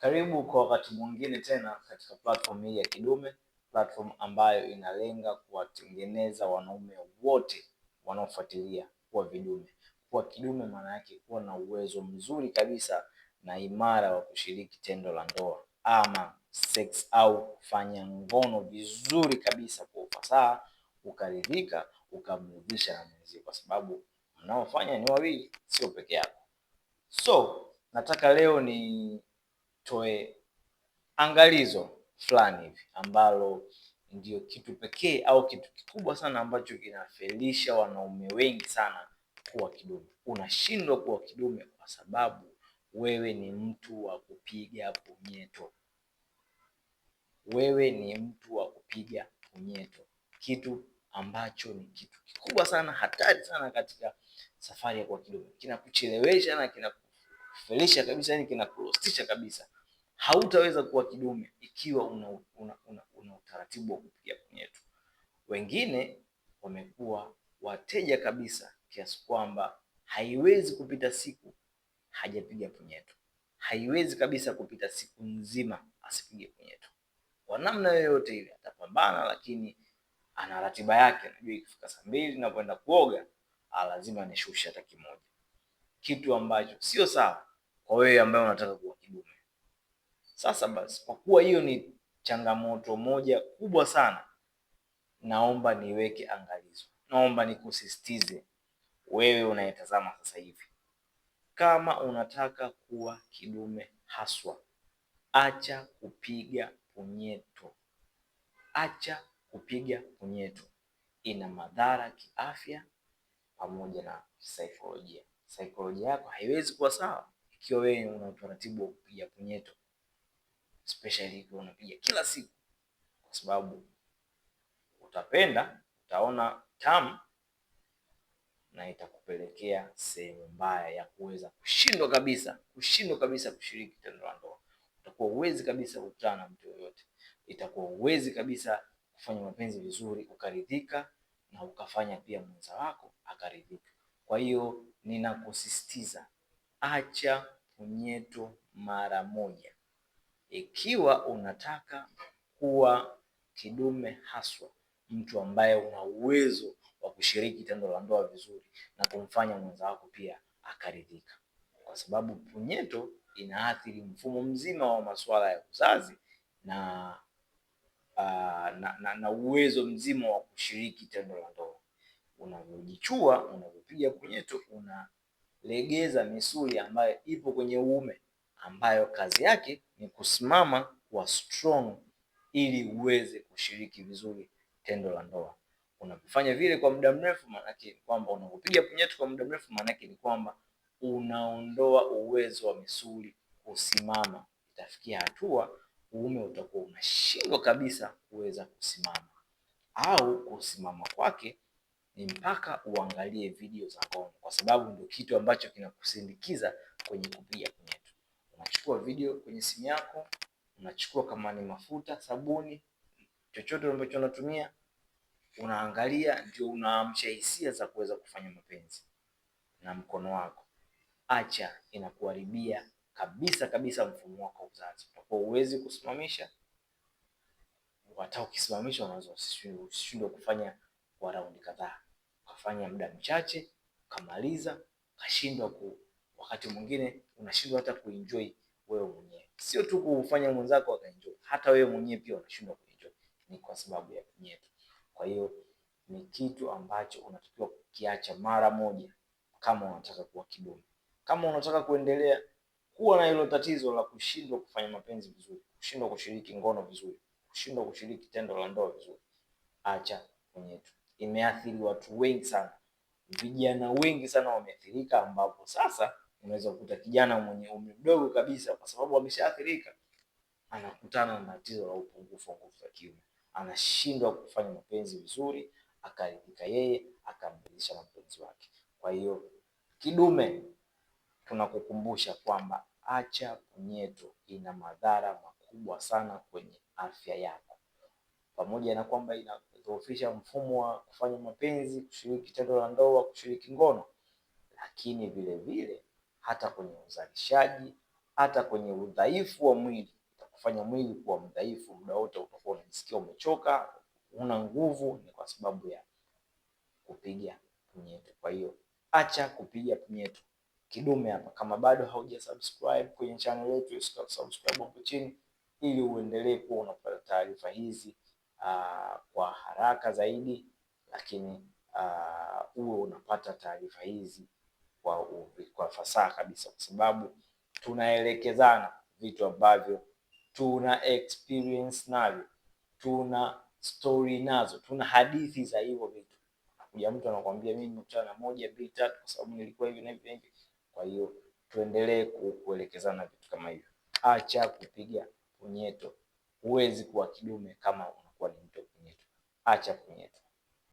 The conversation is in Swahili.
Karibu kwa wakati mwingine tena katika platform hii ya Kidume, platform ambayo inalenga kuwatengeneza wanaume wote wanaofuatilia kuwa vidume. Kuwa kidume maana yake kuwa na uwezo mzuri kabisa na imara wa kushiriki tendo la ndoa ama sex au kufanya ngono vizuri kabisa kwa ufasaha, ukaridhika, ukamridhisha na mwenzio, kwa sababu mnaofanya ni wawili, sio peke yako. So nataka leo ni nitoe angalizo fulani hivi ambalo ndio kitu pekee au kitu kikubwa sana ambacho kinafelisha wanaume wengi sana kuwa kidume. Unashindwa kuwa kidume kwa sababu wewe ni mtu wa kupiga punyeto, wewe ni mtu wa kupiga punyeto, kitu ambacho ni kitu kikubwa sana, hatari sana katika safari ya kuwa kidume. Kinakuchelewesha na kinakufelisha kabisa, yani kinakurostisha kabisa hautaweza kuwa kidume ikiwa una, una, una, una utaratibu wa kupiga punyeto. Wengine wamekuwa wateja kabisa kiasi kwamba haiwezi kupita siku hajapiga punyeto, haiwezi kabisa kupita siku nzima asipige punyeto kwa namna yoyote ile. Atapambana, lakini ana ratiba yake, anajua ikifika saa mbili kwenda kuoga lazima nishushe hata kimoja, kitu ambacho sio sawa kwa wewe ambaye unataka ku sasa basi, kwa kuwa hiyo ni changamoto moja kubwa sana, naomba niweke angalizo, naomba nikusisitize wewe unayetazama sasa hivi, kama unataka kuwa kidume haswa, acha kupiga punyeto. Acha kupiga punyeto, ina madhara kiafya pamoja na saikolojia. Saikolojia yako haiwezi kuwa sawa ikiwa wewe una utaratibu wa kupiga punyeto especially ikiwa unapiga kila siku, kwa sababu utapenda, utaona tamu na itakupelekea sehemu mbaya ya kuweza kushindwa kabisa, kushindwa kabisa kushiriki tendo la ndoa. Utakuwa uwezi kabisa kukutana na mtu yoyote, itakuwa uwezi kabisa kufanya mapenzi vizuri ukaridhika, na ukafanya pia mwenza wako akaridhika. Kwa hiyo ninakusisitiza, acha punyeto mara moja. Ikiwa unataka kuwa kidume haswa, mtu ambaye una uwezo wa kushiriki tendo la ndoa vizuri na kumfanya mwenza wako pia akaridhika, kwa sababu punyeto inaathiri mfumo mzima wa masuala ya uzazi na ah, na, na, na uwezo mzima wa kushiriki tendo la ndoa. Unavyojichua, unavyopiga punyeto, unalegeza misuli ambayo ipo kwenye uume ambayo kazi yake ni kusimama kwa strong ili uweze kushiriki vizuri tendo la ndoa. Unapofanya vile kwa muda mrefu, maanake ni kwamba unapopiga punyeto kwa muda mrefu, maanake ni kwamba unaondoa uwezo wa misuli kusimama. Itafikia hatua uume utakuwa unashindwa kabisa kuweza kusimama, au kusimama kwake ni mpaka uangalie video za ngono, kwa sababu ndio kitu ambacho kinakusindikiza kwenye kupiga punyeto unachukua video kwenye simu yako, unachukua kama ni mafuta, sabuni, chochote ambacho unatumia, unaangalia, ndio unaamsha hisia za kuweza kufanya mapenzi na mkono wako. Acha, inakuharibia kabisa kabisa mfumo wako uzazi, utakuwa uwezi kusimamisha. Hata ukisimamisha unaweza usishindwe kufanya kwa raundi kadhaa, ukafanya muda mchache ukamaliza ukashindwa ku, wakati mwingine unashindwa hata kuenjoy wewe mwenyewe, sio tu kufanya mwenzako akaenjoy, hata wewe mwenyewe pia unashindwa kuenjoy, ni kwa sababu ya kinyeti. Kwa hiyo ni kitu ambacho unatakiwa kukiacha mara moja, kama unataka kuwa kidumu, kama unataka kuendelea kuwa na hilo tatizo la kushindwa kufanya mapenzi vizuri, kushindwa kushiriki ngono vizuri, kushindwa kushiriki tendo la ndoa vizuri, acha kunyetu. Imeathiri watu wengi sana, vijana wengi sana wameathirika, ambapo sasa unaweza kukuta kijana mwenye umri mdogo kabisa, kwa sababu ameshaathirika, anakutana na tatizo la upungufu wa nguvu za kiume, anashindwa kufanya mapenzi vizuri, akaridhika yeye, akamridhisha mapenzi wake. Kwa hiyo kidume, tunakukumbusha kwamba acha punyeto, ina madhara makubwa sana kwenye afya yako, pamoja na kwamba inadhoofisha mfumo wa kufanya mapenzi, kushiriki tendo la ndoa, kushiriki ngono, lakini vilevile hata kwenye uzalishaji, hata kwenye udhaifu wa mwili. Itakufanya mwili kuwa mdhaifu muda wote, utakuwa unajisikia umechoka, una nguvu, ni kwa sababu ya kupiga punyeto. Kwa hiyo acha kupiga punyeto. Kidume hapa, kama bado hauja subscribe kwenye channel yetu, subscribe hapo chini ili uendelee kuwa unapata taarifa hizi aa, ah, kwa haraka zaidi, lakini ah, uwe unapata taarifa hizi kwa, kwa fasaha kabisa, kwa sababu tunaelekezana vitu ambavyo tuna experience navyo, tuna stori nazo, tuna hadithi za hivyo vitu. Kuja mtu anakuambia mimi nimekutana na moja mbili tatu, kwa sababu nilikuwa hivi na hivi na hivi. Kwa hiyo tuendelee kuelekezana vitu kama hivyo. Acha kupiga punyeto, huwezi kuwa kidume kama unakuwa ni mtu punyeto. Acha punyeto.